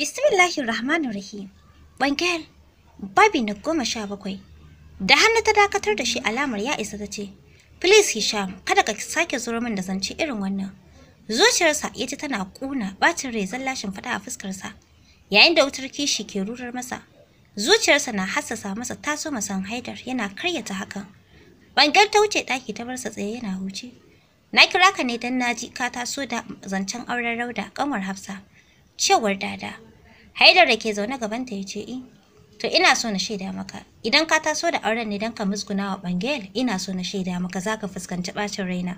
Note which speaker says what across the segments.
Speaker 1: Bismillahir Rahmanir Rahim. Bankel, babi na goma sha bakwai. Da hannu ta dakatar da shi alamar ya isa ta ce, Please Hisham, kada ka sake zuro min da zance irin wannan. Zuciyarsa ya ji tana ƙuna bacin rai lashin fada a fuskarsa, yayin da wutar kishi ke rurar masa. Zuciyarsa na hassasa masa taso masan haidar yana karyata hakan. Bangal ta wuce ɗaki ta barsa tsaye yana huce. Na kira ka ne don na ji ka taso da zancen auren rauda ƙanwar Hafsa. Cewar dada. Haidar da ke zaune gabanta ya ce, "I, eh, to ina so na shaida maka, idan ka taso da auren ne don ka musguna wa Bangel, ina so na shaida maka za ka fuskanci ɓacin raina,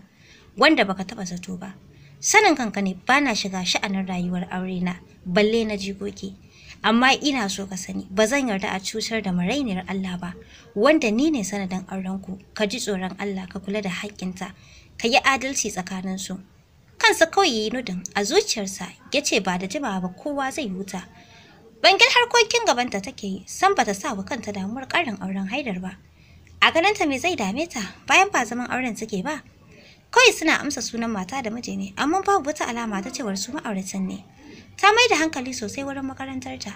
Speaker 1: wanda baka taɓa zato ba. Sanin kanka ne ba na shiga sha'anin rayuwar aure na, balle na jikoki. Amma ina so ka sani, ba zan yarda a cutar da marainiyar Allah ba, wanda ni ne sanadin aurenku, ka ji tsoron Allah ka kula da haƙƙinta, ka yi adalci tsakaninsu. Kansa kawai ya yi nudin a zuciyarsa ya ce ba da jimawa ba kowa zai huta. gan harkokin gabanta take yi, san bata sa wa kanta damuwar ƙarin auren haidar ba. A ganinta me zai dame ta bayan ba zaman auren suke ba? Kawai suna amsa sunan mata da miji ne, amma babu wata alama ta cewar su ma'auratan ne. Ta mai da hankali sosai wurin makarantar ta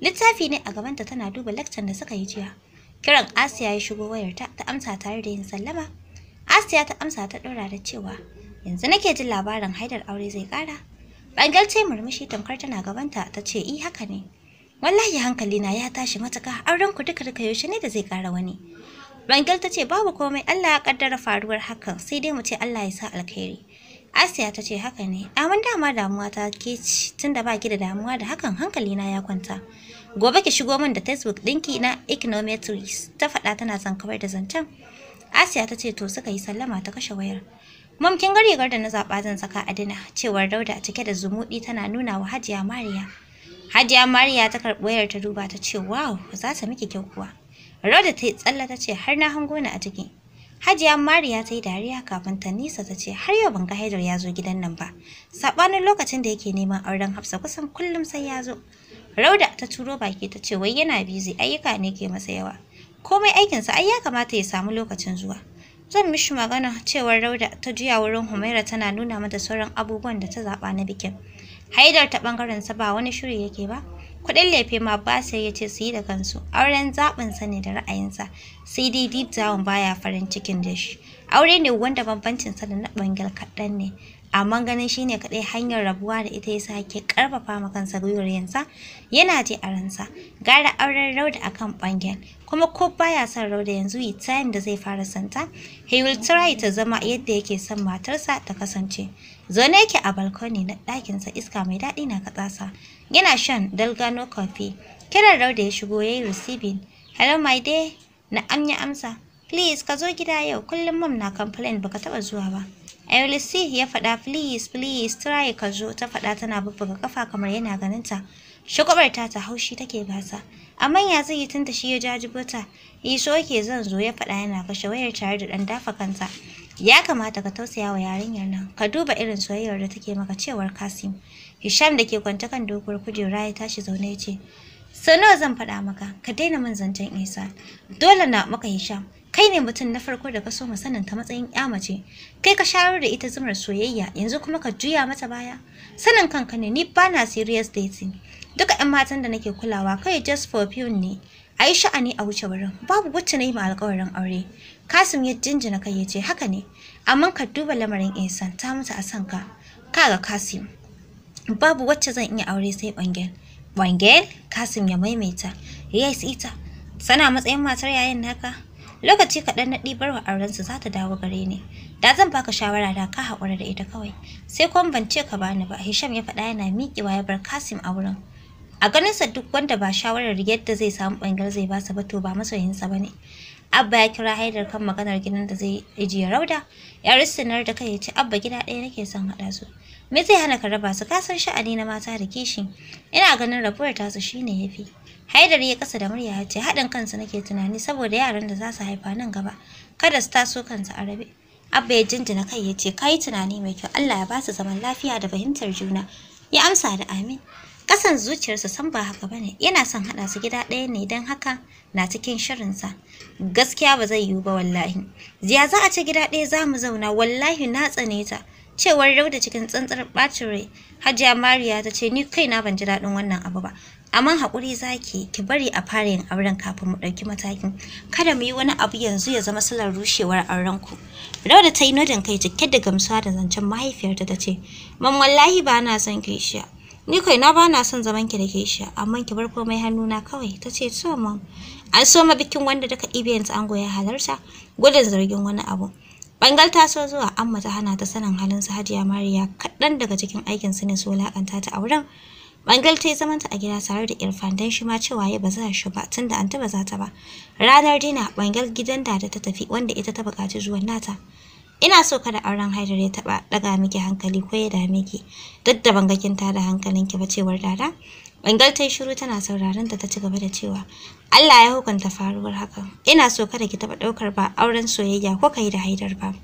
Speaker 1: Littafi ne a gabanta tana duba lakcan da suka yi jiya. Kiran Asiya ya shigo wayarta ta amsa tare da yin sallama. Asiya ta amsa ta ɗora da cewa, yanzu nake jin labarin haidar aure zai ƙara. Bangal ce murmushi tamkar tana gabanta ta ce, i eh, haka ne. wallahi hankali na ya tashi matuka auren ku duka duka yaushe ne da zai kara wani Rangel ta ce babu komai Allah ya kaddara faruwar hakan sai dai mu ce Allah ya sa alkhairi Asiya ta ce haka ne daman dama damuwa ta ke tunda ba ki da damuwa da hakan hankali na ya kwanta gobe ki shigo min da Facebook ɗinki na econometrics ta faɗa tana son da zancen Asiya ta ce to suka yi sallama ta kashe wayar Mamkin garigar da na zaɓa zan saka a dina cewar Dauda cike da zumudi, tana nuna wa Hajiya Mariya. Hajiya Mariya ta karɓi wayar ta duba ta ce wow za ta miki kyau kuwa. Rauda ta yi tsalla ta ce har na hango ni a ciki. Hajiya Mariya ta yi dariya kafin ta nisa ta ce har yau ban ga Haidar ya zo gidan nan ba. Saɓanin lokacin da yake neman auren Hafsa kusan kullum sai ya zo. Rauda ta turo baki ta ce wai yana busy, ayyuka ne ke masa yawa. Komai aikinsa ai ya kamata ya samu lokacin zuwa. Zan mishi magana cewar Rauda ta juya wurin Humaira tana nuna mata sauran abubuwan da ta zaɓa na bikin. haidar ta bangaren sa ba wani shiri yake ba kuɗin lefe ma ba sai ya ce su yi da kansu auren zaɓin sa ne da ra'ayinsa sai dai deep down baya farin cikin da shi aure ne wanda bambancin sa da na bangal kaɗan ne amma ganin ne kaɗai hanyar rabuwa da ita yasa yake ƙarfafa ma kansa gwiwar yansa yana ji a ransa gara auren Rauda a kan ɓangen kuma ko baya son Rauda yanzu yi time da zai fara santa he will try ta zama yadda yake son matarsa ta kasance zaune yake a balkoni na ɗakinsa iska mai daɗi na sa yana shan Dalgano coffee kiran Rauda ya shigo yayi receiving hello my dear na amya amsa please ka zo gida yau kullum mom na complain baka taɓa zuwa ba Elsie ya faɗa please please try ka zo ta faɗa tana bubbuga kafa kamar yana ganinta. Shakwabar ta ta haushi take gasa. Amma ya zai yi tunta shi ya jajibo ta. Iso eh, ke zan zo ya faɗa yana kashe wayar tare da ɗan dafa kanta. Ya kamata ka tausaya wa yarinyar nan. Ka duba irin soyayyar da take maka cewar Kasim. Hisham da ke kwanta kan doguwar kujera ya tashi zaune ya ce, Sau nawa zan faɗa maka, ka daina min zancen Isa. Dole na maka Hisham, Kai ne mutum na farko da ka so sanin ta matsayin ya mace. Kai ka shayar da ita zumar soyayya yanzu kuma ka juya mata baya. Sanin kanka ne ni ba na serious dating. Duka 'yan matan da nake kulawa kai just for fun ne. A yi sha'ani a wuce wurin, babu wacce na yi ma alƙawarin aure. Kasim ya jinjina kai ya ce haka ne, amma ka duba lamarin insan ta mutu a san ka. Kaga Kasim, babu wacce zan iya aure sai Bangel. Bangel? Kasim ya maimaita, yes ita. Sana matsayin matar yayin naka? lokaci kaɗan na ɗibar wa aurensu za ta dawo gare ni da zan baka shawara da ka haƙura da ita kawai sai kuma ban ce ka bani ba hisham ya faɗa yana miƙewa ya bar kasim a wurin a ganinsa duk wanda ba shawarar yadda zai samu bangar zai basa ba to ba masoyinsa ba ne abba ya kira haidar kan maganar gidan da zai ajiye rauda ya rissinar da kai ya ce abba gida ɗaya nake son haɗa su me zai hana ka raba su ka san sha'ani na mata da kishi ina ganin rabuwar tasu shine yafi Haidar ya kasa da murya ya ce haɗin kansa nake tunani saboda yaran da za su haifa nan gaba kada su taso kansu a rabe. Abba ya jinjina kai ya ce kai tunani mai kyau Allah ya ba su zaman lafiya da fahimtar juna. Ya amsa da amin. Kasan zuciyarsa san ba haka bane yana son haɗa su gida ɗaya ne don haka na cikin shirinsa. Gaskiya ba zai yiwu ba wallahi. Ziya za a ce gida ɗaya za mu zauna wallahi na tsane ta. Cewar Rauda cikin tsantsar ɓacin rai. Hajiya Mariya ta ce ni kai na ban ji daɗin wannan abu ba. amma haƙuri zaki ki bari a fara yin auren kafin mu ɗauki matakin kada mu yi wani abu yanzu ya zama silar rushewar ku. rauda ta yi nodin kai cike da gamsuwa da zancen mahaifiyarta ta ce man wallahi ba na son kishiya ni kai na ba na son zaman ki da kishiya amma ki bar komai hannuna kawai ta ce to mam an so ma bikin wanda daga ibiyansa ango ya halarta gudun zargin wani abu Bangal ta so zuwa amma ta hana ta sanin halin su Hajiya Mariya kaɗan daga cikin aikinsu ne su wulakanta ta auren Bangal ta yi zamanta a gida tare da Irfan dan shi ma cewa ya ba za shi ba tunda an taba za ta ba. Ranar dina Bangal gidan da ta tafi wanda ita ta buƙaci zuwan nata. Ina so kada auren Haidar ya taɓa ɗaga miki hankali ko ya dame ki. Duk da bangakin ta da hankalin ki ba cewar dada. Bangal ta yi shiru tana sauraron ta ta ci gaba da cewa Allah ya hukunta faruwar hakan. Ina so kada ki taba ɗaukar ba auren soyayya ko kai da Haidar ba.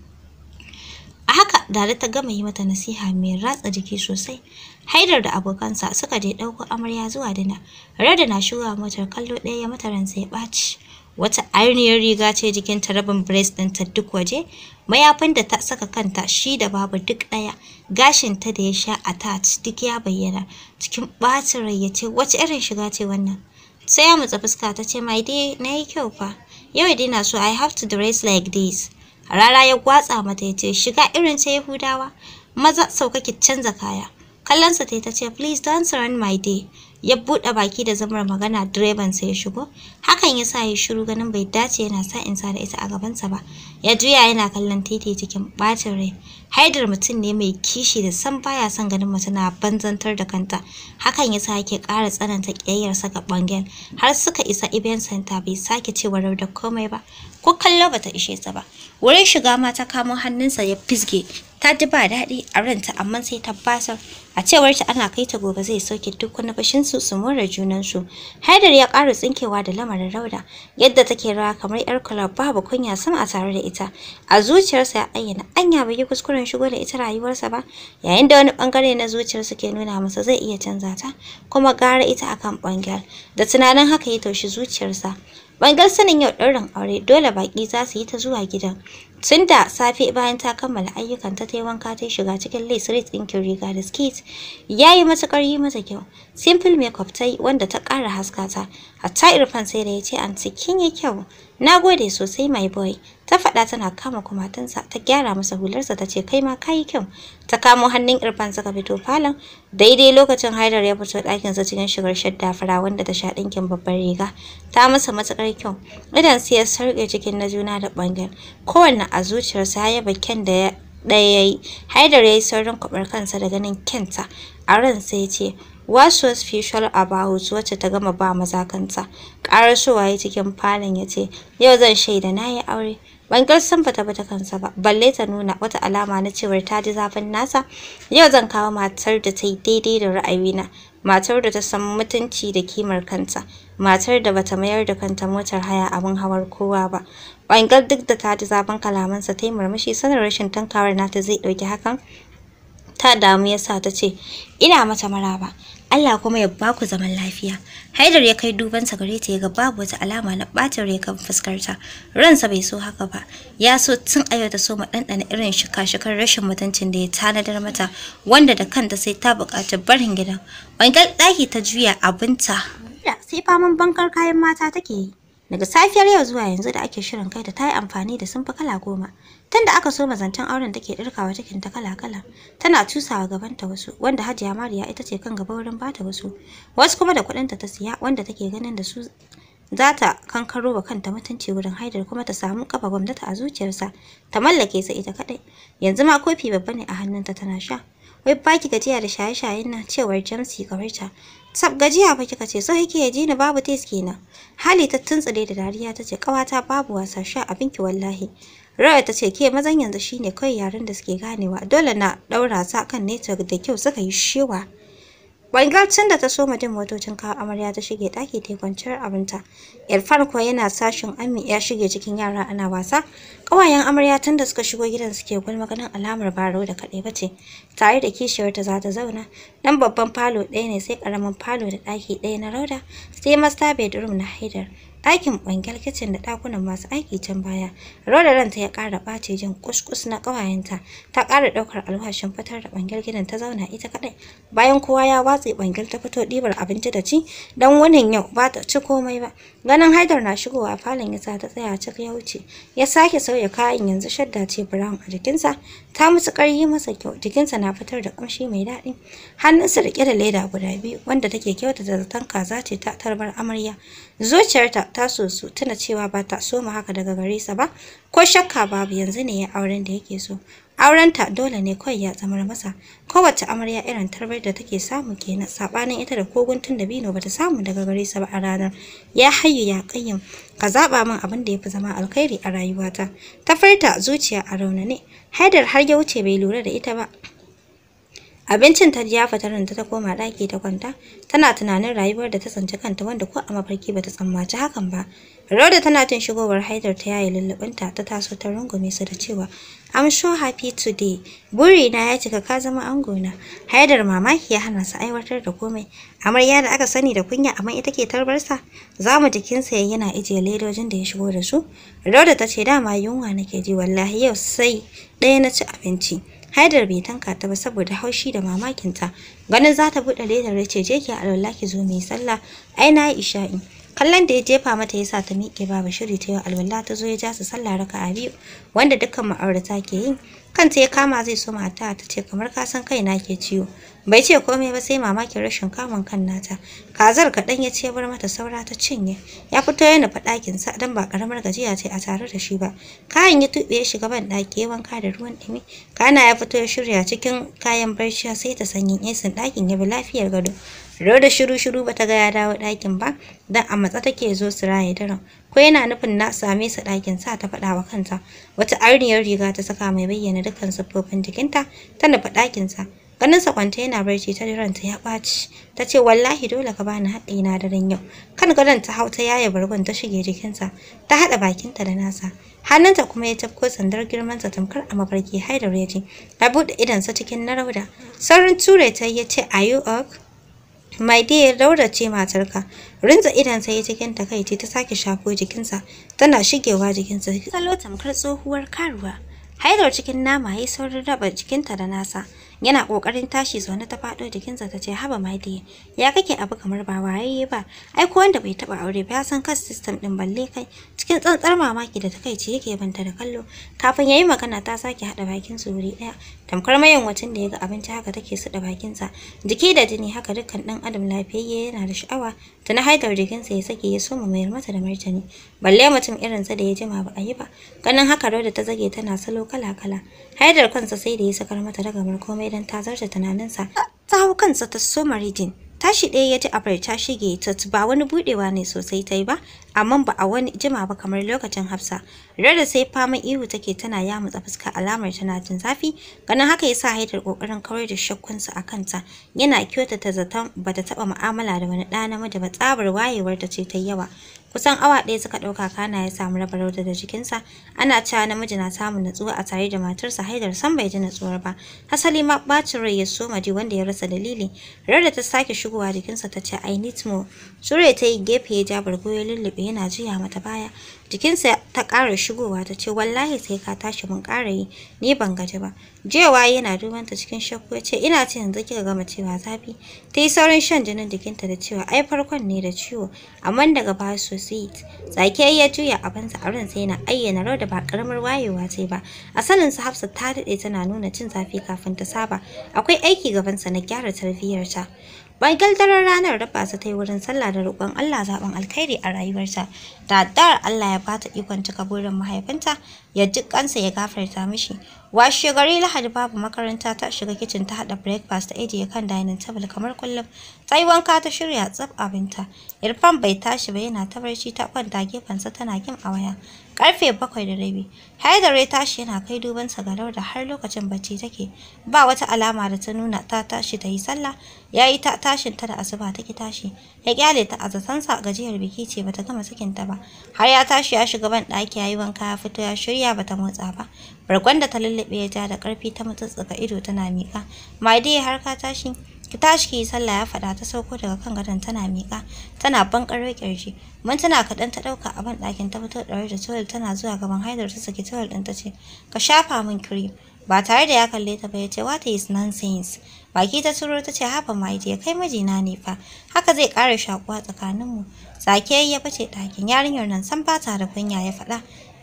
Speaker 1: A haka Dada ta gama yi mata nasiha mai ratsa jiki sosai. Haidar da abokansa suka je ɗauko amarya zuwa dina. Rada na shigowa motar kallo ɗaya ya mata ransa ya ɓaci. Wata ainihin riga ce jikinta rabin brace ɗinta duk waje, mayafin da ta saka kanta shi da babu duk ɗaya, gashinta da ya sha attach duk ya bayyana, cikin ɓacin rai ya ce wace irin shiga ce wannan. Sai ya mutsa fuska ta ce my dear na yi kyau fa, yau dai na so I have to dress like this. Rara, ya gwatsa mata ya ce shiga irin ta Yahudawa. Maza sauka ki canza kaya. Kallonsa ta ta ce please don't run my day. ya buɗe baki da zamar magana direban sai ya shigo hakan ya sa ya shiru ganin bai dace yana sa in sa da ita a gabansa ba ya juya yana kallon titi cikin ɓacin rai haidar mutum ne mai kishi da san baya son ganin mutum na banzantar da kanta hakan ya sa yake ƙara tsananta ƙiyayyarsa ga ɓangen har suka isa ibn santa bai sake cewa da komai ba ko kallo bata ishe sa ba wurin shiga ma ta kamo hannunsa ya fisge ta ji ba daɗi a ranta amma sai ta basar a cewar ta ana kai ta gobe zai soke duk wani bashin su su more junan su haidar ya ƙara tsinkewa da lamarin rauda yadda take rawa kamar yar kula babu kunya sama a tare da ita a zuciyarsa ya ayyana anya bai yi kuskuren shigo da ita rayuwarsa ba yayin da wani bangare na zuciyar ke nuna masa zai iya canza ta kuma gara ita akan bangar da tunanin haka ya taushi zuciyarsa bangal sanin yau ɗaurin aure dole baƙi za su yi ta zuwa gidan Tun da safe bayan ta kammala ayyukan ta yi wanka ta shiga cikin lace red ɗinkin riga da skit. Ya yi matuƙar yi mata kyau. Simple makeup ta yi wanda ta ƙara haska ta. Hatta Irfan sai da ya ce anti kin yi kyau. Na gode sosai my boy. Ta faɗa tana kama kumatunsa ta gyara masa hularsa ta ce kai ma ka yi kyau. Ta kamo hannun Irfan suka fito falon. Daidai lokacin Haidar ya fito ɗakinsa cikin shigar shadda fara wanda ta sha ɗinkin babbar riga. Ta masa matuƙar kyau. Idan sai ya sarƙe cikin na juna da ɓangen. Kowanne a zuciyarsa ya yaba Ken da ɗaya ya yi. Haidar ya yi saurin kwaɓar kansa da ganin Kenta. A ransa ya ce, What was special about wacce ta gama ba mazakanta kanta? Ƙarasowa cikin falon ya ce, Yau zan shaida na yi aure. ban kar san fata bata kansa ba balle ta nuna wata alama na cewa ta ji zafin nasa yau zan kawo matar da ta yi daidai da ra'ayi na matar da ta san mutunci da kimar kanta matar da bata mayar da kanta motar haya abin hawar kowa ba bangar duk da ta ji zafin kalamansa ta yi murmushi sanar rashin tankawar nata zai ɗauki hakan ta damu yasa ta ce ina mata maraba Allah kuma ya ba ku zaman lafiya. Haidar ya kai dubansa gare ta ya ga babu wata alama na ɓatar ya kan fuskarta. Ransa bai so haka ba. Ya so tun a yau ta so ɗanɗana irin shika shikar rashin mutuncin da ya tanadar mata wanda da kanta sai ta buƙaci barin gidan. Wangar ɗaki ta juya abinta. Sai faman bankar kayan mata take yi. Daga safiyar yau zuwa yanzu da ake shirin kai ta yi amfani da sun fi kala goma. Tun da aka so mazantan auren take ɗirkawa cikin ta kala-kala, tana cusawa gabanta wasu, wanda Hajiya Mariya ita ce kan gaba wurin bata wasu, wasu kuma da kuɗinta ta siya wanda take ganin da su za ta kankaro wa kanta mutunci wurin haidar kuma ta samu kafa gwamnati a zuciyarsa ta mallake sa ita kaɗai yanzu ma kofi babba ne a hannunta tana sha wai baki gajiya da shaye-shayen na cewar Jamsi Kawarta Sab gajiya fa kika ce so kike ji ni babu tes kenan. Hali ta tuntsire da dariya tace ce kawata babu wasa sha abin ki wallahi. rawa ta ce ke mazan yanzu shine kai yaren da suke ganewa dole na daura sa kan network da kyau suka yi shewa. bangal tun da ta so jin motocin kawo amarya ta shige daki ta kwanciyar abinta. Irfan kuwa yana sashin Ami ya shige cikin yara ana wasa. Ƙawayen amarya tun da suka shigo gidan suke gulma ganin alamar baro da kaɗai bace. Tare da kishiyarta za ta zauna. Dan babban falo ɗaya ne sai ƙaramin falo da ɗaki ɗaya na rauda sai master bedroom na Haidar. ɗakin bangal kicin da ɗakunan masu aiki can baya roda ranta ya ƙara ɓace jin kuskus na ƙawayenta ta ƙara ɗaukar alwashin fitar da bangar gidan ta zauna ita kaɗai bayan kowa ya watse bangal ta fito ɗibar abinci da ci don wunin yau ba ta ci komai ba ganin haidar na shigowa falon ya sa ta tsaya cik ya wuce ya sake sauya kayan yanzu shadda ce brown a jikinsa ta matuƙar yi masa kyau jikinsa na fitar da ƙamshi mai daɗi hannunsa riƙe da leda guda biyu wanda take kyautata zaton kaza ce ta tarbar amarya zuciyarta ta su tana cewa ba ta so mu haka daga gare sa ba ko shakka babu yanzu ne ya auren da yake so aurenta dole ne kawai ya tsamar masa kowace amarya irin tarbar da take samu kenan sabanin ita da kogun tun da bino bata samu daga gare sa ba a ranar ya hayyu ya kayyam ka zaba min abin da yafi zama alkhairi a rayuwata ta furta zuciya a raunane haidar har ya wuce bai lura da ita ba Abincin ta ya fita ranta ta koma ɗaki ta kwanta, tana tunanin rayuwar da ta tsinci kanta wanda ko a mafarki bata tsammaci hakan ba. Rauda tana jin shigowar Haidar ta yaye lullubinta ta taso ta rungume su da cewa, "I'm so happy today. Burina ya cika ka zama ango na Haidar mamaki ya hana su aiwatar da komai. Amarya da aka sani da kunya amma ita ke tarbarsa, zamu sa ya yana ijiye ledojin da ya shigo da su. Rauda ta ce dama yunwa nake ji wallahi yau sai ɗaya na ci abinci. Haidar bai tanka ta ba saboda haushi da mamakinta. Ganin za ta buɗe ledar ya ce je ki alwala ki zo mai sallah. Ai na yi isha'i. Kallon da ya jefa mata ya sa ta miƙe ba shiri ta yi alwala ta zo ya ja su sallah raka'a biyu wanda dukkan ma'aurata ke yin kanta ya kama zai so mata ta ce kamar ka san kai na ke ciwo bai ce komai ba sai mamakin rashin kamun kan nata kazar kaɗan ya ce bar mata saura ta cinye ya fito yana faɗakin sa dan ba karamar gajiya ce a tare da shi ba kayan ya tuɓe ya shiga ban ɗaki ya wanka da ruwan ɗumi kana ya fito ya shirya cikin kayan barci sai ta sanyin esin ɗakin ya bi lafiyar gado Rau da shiru-shiru ba ga ya dawo ɗakin ba, don a matsa take zo su raye daren. ko yana nufin na same sa ɗakin sa ta faɗa wa kanta wata arniyar riga ta saka mai bayyana dukkan siffofin jikinta ta nufa ɗakin sa ganin sa kwanta yana barci ta ranta ya ɓaci ta ce wallahi dole ka bani haɗi na daren yau kan gadon ta hau ta yaye bargon ta shige jikinsa ta haɗa bakinta da nasa hannunta kuma ya tafko sandar girman sa tamkar a mafarki haidar ya ji buɗe idansa cikin na rauda saurin ture ta yi ya ce are you My dear Laura ce matarka. Rinza idan sai cikin takaici ta sake shafo jikinsa tana shigewa jikinsa. Salo tamkar tsohuwar karuwa. Haidar cikin nama yayi saurin raba jikinta da nasa. Yana kokarin tashi zaune ta fado jikinsa ta ce haba my dear. Ya kake abu kamar ba waye ba. Ai ko wanda bai taba aure ba ya san kas system din balle kai. cikin tsantsar mamaki da takaici yake banta da kallo kafin yayi magana ta sake hada bakin su wuri daya tamkar mayan wacin da ga abinci haka take su da bakin sa jiki da jini haka dukkan dan adam lafiyayye yana da sha'awa ta na haidar jikin sa ya sake ya soma mayar mata da martani balle mutum irin sa da ya jima ba a yi ba ganin haka da ta zage tana salo kala kala haidar kansa sai da ya sakar mata ragamar komai dan ta zarta tunanin sa ta hau kansa ta soma rijin tashi ɗaya ya ji abar ta shige ta ba wani budewa ne sosai ta yi ba amma ba a wani jima ba kamar lokacin Hafsa. Rada sai faman ihu take tana yamutsa fuska alamar tana jin zafi, ganin haka yasa Haidar kokarin kawar da shakkunsa a kanta. Yana kyautata zaton bata taba mu'amala da wani ɗa namiji ba tsabar wayewar ta ce ta yawa. Kusan awa ɗaya suka ɗauka kana ya samu rabar da jikinsa, ana cewa namiji na samun natsuwa a tare da matarsa Haidar san bai ji natsuwar ba. Hasali ma bacin rai ya soma ji wanda ya rasa dalili. Rada ta sake shigowa jikinsa ta ce I need more. Sure ta yi gefe ya ja bargo ya lullube yana jiya mata baya jikinsa ta ƙara shigowa ta ce wallahi sai ka tashi mun ƙara yi ni ban gaji ba jewa yana duban ta cikin shakku ya ce ina ce yanzu kika gama cewa zafi ta yi saurin shan jinin jikinta da cewa ai farkon ne da ciwo amma daga baya sosai tsaki ya juya abinsa a sai yana ayyana rau da ba karamar wayewa ce ba asalinsa hafsa ta daɗe tana nuna cin zafi kafin ta saba akwai aiki gabansa na gyara tarbiyyarta Michael daren ranar raba su ta yi wurin sallah da roƙon Allah zaɓen alkhairi a rayuwarta. Da addu'ar Allah ya bata ikon cika burin mahaifinta, ya ji kansa ya gafarta mishi. Washe gari Lahadi babu makaranta ta shiga kicin ta haɗa breakfast ta ajiye kan dining table kamar kullum. Tsayi wanka ta shirya tsaf abinta. Irfan bai tashi ba yana ta barci ta kwanta gefensa tana kim a waya. Karfe bakwai da rabi. Haidar ya tashi yana kai duban sa ga Dauda har lokacin bacci take. Ba wata alama da ta nuna ta tashi ta yi sallah. Ya yi ta tashin ta da asuba ta ki tashi. Ya kyale ta a zatansa gajiyar biki ce bata gama ta ba. Har ya tashi ya shiga ban ɗaki ya yi wanka ya fito ya shirya bata motsa ba. Bargon da ta lullube ya ja da ƙarfi ta matsattsaka ido tana miƙa my dear har ka tashi ki tashi ki yi sallah ya faɗa ta sauko daga kan gadon tana miƙa tana bankaro ƙirji Mun tana kaɗan ta ɗauka a ban ɗakin ta fito ɗaure da towel tana zuwa gaban haidar ta saki towel ɗin ta ce ka shafa min cream ba tare da ya kalle ta ba ya ce what is nonsense baki ta turo ta ce haba my dear kai mijina ne fa haka zai ƙara shakuwa tsakaninmu sake ya bace ɗakin yarinyar nan san ba da kunya ya faɗa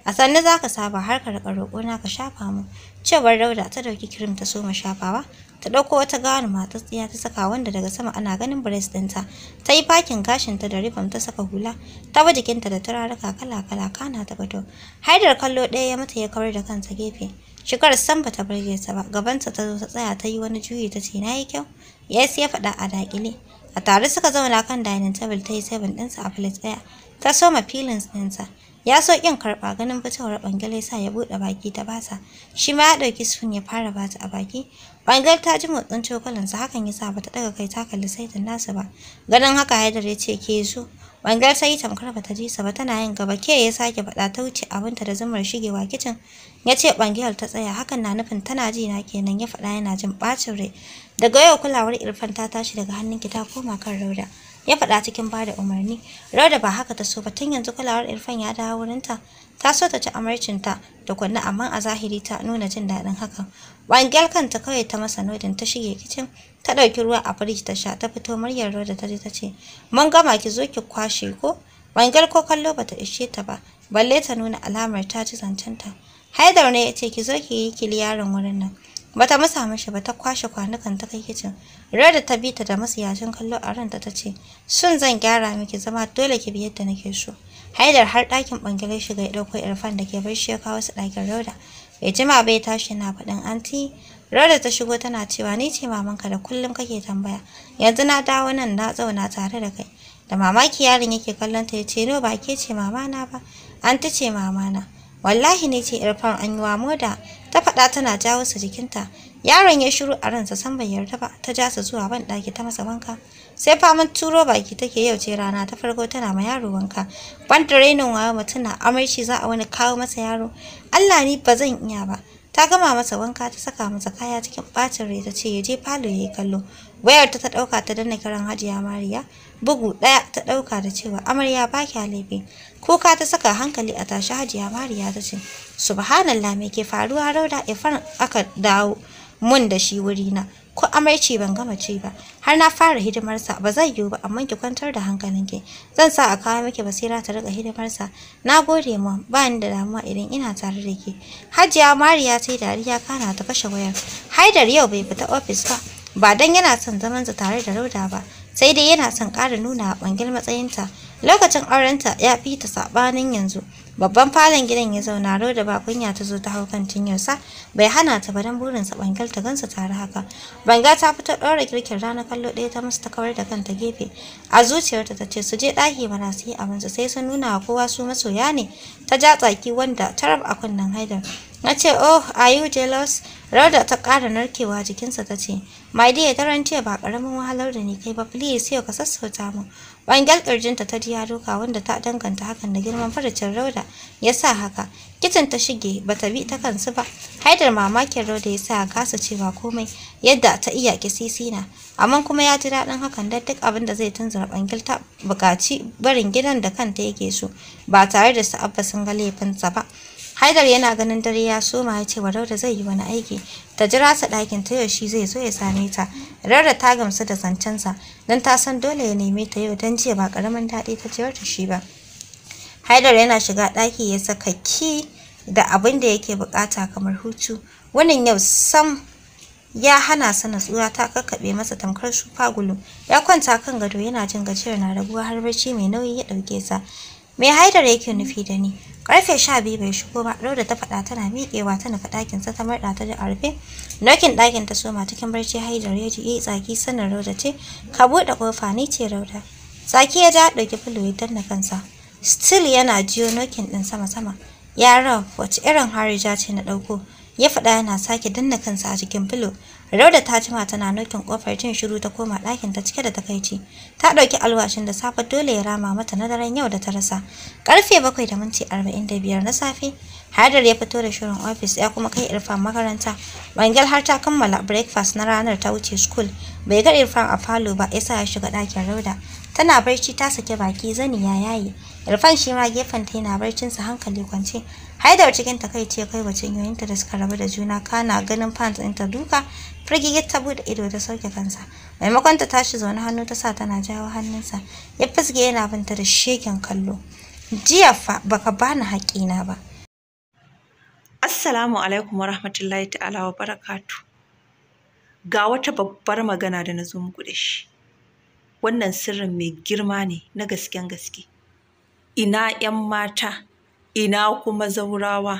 Speaker 1: a sannu za ka saba har ka riƙa roƙona ka shafa mu cewar rauda ta ɗauki kirim ta soma shafawa ta ɗauko wata gawar matsatsiya ta saka wanda daga sama ana ganin bres ɗinta ta yi fakin gashinta da ribam ta saka hula ta bi jikinta da turaruka kala-kala kana ta fito haidar kallo ɗaya ya mata ya kawar da kansa gefe shigar san bata burge ta ba gabanta ta zo ta tsaya ta yi wani juyi ta ce na yi kyau yes ya faɗa a daƙile a tare suka zauna kan dining table ta yi seven ɗinsa a plate ɗaya ta soma feelings ɗinsa ya so kin karɓa ganin fitowar bangale sa ya buɗe baki ta basa shi ma ya ɗauki sun ya fara bata a baki bangal ta ji motsin cokalan sa hakan yasa bata daga kai ta kalli sai da nasa ba ganin haka Haidar ya ce ke zo bangal sai tamkar bata ji sa ba tana yin gaba ke ya sake faɗa ta wuce abinta da zumar shigewa kicin ya ce bangal ta tsaya hakan na nufin tana ji na kenan ya faɗa yana jin bacin rai daga yau kulawar irfan ta tashi daga hannunki ta koma kan rauda ya faɗa cikin ba da umarni rauda ba haka ta so ba tun yanzu kulawar irfan ya dawo wurinta ta so ta ci amarcinta da kunna amma a zahiri ta nuna jin daɗin hakan wangel kanta kawai ta masa nodin ta shige kicin ta ɗauki ruwa a firij ta sha ta fito muryar rauda ta je ta ce mun gama ki zo ki kwashe ko wangel ko kallo bata ishe ta ba balle ta nuna alamar ta ji zancenta haidar ne ya ce ki zo ki yi kiliyarin wurin nan bata masa mashi ba ta kwashe kwanukan ta kai kicin rada ta bi ta da yashin kallo a ranta ta ce Sun zan gyara miki zama dole ki bi yadda nake so haidar har ɗakin bangare shiga ya ɗauko irfan da ke bar shi ya kawo su ɗakin rauda bai jima bai tashi na faɗin anti rauda ta shigo tana cewa ni ce mamanka da kullum kake tambaya yanzu na dawo nan na zauna tare da kai da mamaki yarin yake kallon ta ya ce no ba ke ce mamana ba anti ce mamana wallahi ni ce irfan an yi wa moda ta faɗa tana jawo sa jikinta yaron ya shiru a ransa san bai yarda ba ta ja sa zuwa ban ɗaki ta masa wanka sai faman turo baki take yau ce rana ta farko tana ma yaro wanka ban da rainin wayo mutum na amarci za a wani kawo masa yaro Allah ni ba zan iya ba ta gama masa wanka ta saka masa kaya cikin ɓacin rai ta ce ya je falo ya yi kallo wayar ta ta ɗauka ta danna kiran hajiya mariya bugu ɗaya ta ɗauka da cewa amarya ba kya laifi kuka ta saka hankali a tashi hajiya mariya ta ce subhanallah me ke faruwa rauda ifan aka dawo mun da shi wurina ko amarci ban gama ci ba har na fara hidimarsa ba zai yiwu ba amma ki kwantar da hankalin hankalinki zan sa a kawo miki basira ta riga hidimarsa na gode mu ba ni da damuwa idan ina tare da ke hajiya mariya ta yi dariya kana ta kashe wayar haidar yau bai fita ofis ba ba dan yana son zamansa tare da rauda ba sai dai yana son ƙara nuna a matsayin matsayinta lokacin aurenta ya fi ta saɓanin yanzu babban falon gidan ya zauna ro da bakunya ta zo ta hau kan cinyarsa bai hana ta ba don sa bangal ta gansa tare haka banga ta fita ɗora girkin rana kallo ɗaya ta musu ta kawar da kanta gefe a zuciyarta ta ce su je ɗaki mana su yi abinci sai sun nuna wa kowa su masoya ne ta ja tsaki wanda ta rab a kunnen haidar na ce oh are you jealous rauda ta ƙara narkewa jikinsa ta ce my dear daren jiya ba karamin wahalar da ni kai ba please yau ka sassauta mu bangal kirjinta ta diyado, ya doka wanda ta danganta hakan da girman farcin rauda ya sa haka Kicin ta shige ba ta bi ta kansu ba haidar mamakin rauda ya sa kasa cewa komai yadda ta iya kisisi na amma kuma ya ji daɗin hakan da duk abin da zai tunzura bangal ta buƙaci barin gidan da kanta yake so ba tare da sa'abba sun ga laifinsa ba Haidar yana ganin dare ya soma ya ce wa rauda zai yi wani aiki ta jira sa ɗakin ta shi zai zo ya same ta rarra ta gamsu da zancensa don ta san dole ya neme ta yau don jiya ba ƙaramin daɗi ta jiyar ta shi ba haidar yana shiga ɗaki ya saka ki da abin da yake buƙata kamar hutu wannan yau sam ya hana sa natsuwa ta kakkaɓe masa tamkar shufagulu ya kwanta kan gado yana jin gajiyar na raguwa har barci mai nauyi ya ɗauke sa me haidar yake nufi da ni Karfe sha biyu bai shigo ba, Dauda ta faɗa tana miƙewa ta nufa ɗakinsa ta marɗa ta da a rufe. Nokin ɗakin ta soma cikin barci haidar ya ji yayi eh, tsaki sannan Rauda ce, ka buɗe ƙofa ni ce Rauda. Tsaki ya ja ɗauki fulo ya danna kansa. Still yana jiyo nokin ɗin sama-sama. Ya Rob, wace irin harija ce na ɗauko? Ya faɗa yana sake danna kansa a cikin fulo Rauda ta jima tana nokin kofar jin shiru ta koma ɗakin ta cike da takaici. Ta ɗauki alwashin da safe dole ya rama mata na daren yau da ta rasa. Karfe bakwai da minti arba'in da biyar na safe, Hadar ya fito da shirin ofis ya kuma kai Irfan makaranta. Bangal har ta kammala breakfast na ranar ta wuce school. Bai ga Irfan a falo ba ya sa ya shiga ɗakin Rauda. tana barci ta sake baki zani ya yaye irfan shi ma gefen ta yana sa hankali kwance haidar cikin ta kai wa ta da suka rabu da juna kana ganin din ta duka firgigit ta bude ido ta sauke kansa maimakon ta tashi zaune hannu ta sa tana jawo hannunsa ya fisge yana bin ta da shegen kallo jiya fa baka bani na ba
Speaker 2: assalamu alaikum wa ta'ala wa barakatu ga wata babbar magana da na zo muku da shi wannan sirrin mai girma ne na gasken gaske ina 'yan mata ina kuma zaurawa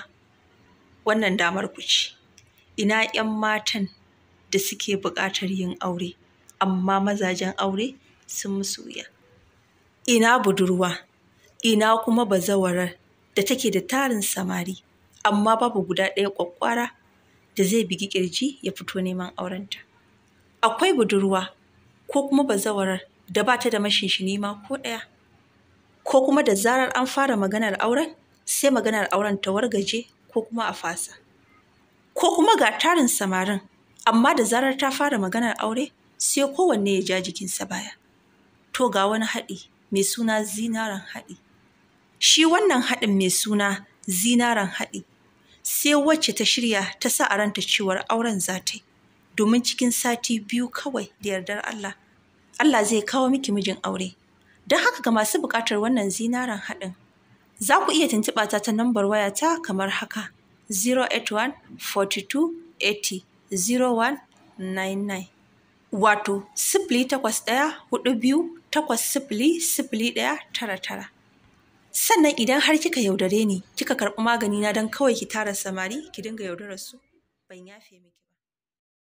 Speaker 2: wannan damar ku ce ina 'yan matan da suke buƙatar yin aure amma mazajen aure sun musu wuya ina budurwa ina kuma bazawarar da take da tarin samari amma babu guda ɗaya ƙwaƙƙwara da zai bigi ƙirji ya fito neman aurenta akwai budurwa ko kuma bazawarar da ba ta da ne ma ko ɗaya ko kuma da zarar an fara maganar auren sai maganar auren ta wargaje ko kuma a fasa ko kuma ga tarin samarin amma da zarar ta fara maganar aure sai kowanne ya ja jikinsa baya to ga wani haɗi mai suna zinaran haɗi shi wannan haɗin mai suna zinaran haɗi sai wacce ta shirya ta sa a ranta cewar auren za ta yi domin cikin sati biyu kawai da yardar Allah Allah zai kawo miki mijin aure. Don haka ga masu buƙatar wannan zinaren haɗin, za ku iya tuntuɓa ta ta nambar wayata kamar haka 081 42 80 0199 wato sifili takwas ɗaya hudu biyu takwas sifili sifili ɗaya tara tara. Sannan idan har kika yaudare ni, kika karɓi magani na don kawai ki tara samari, ki dinga yaudarar su, ban yafe miki.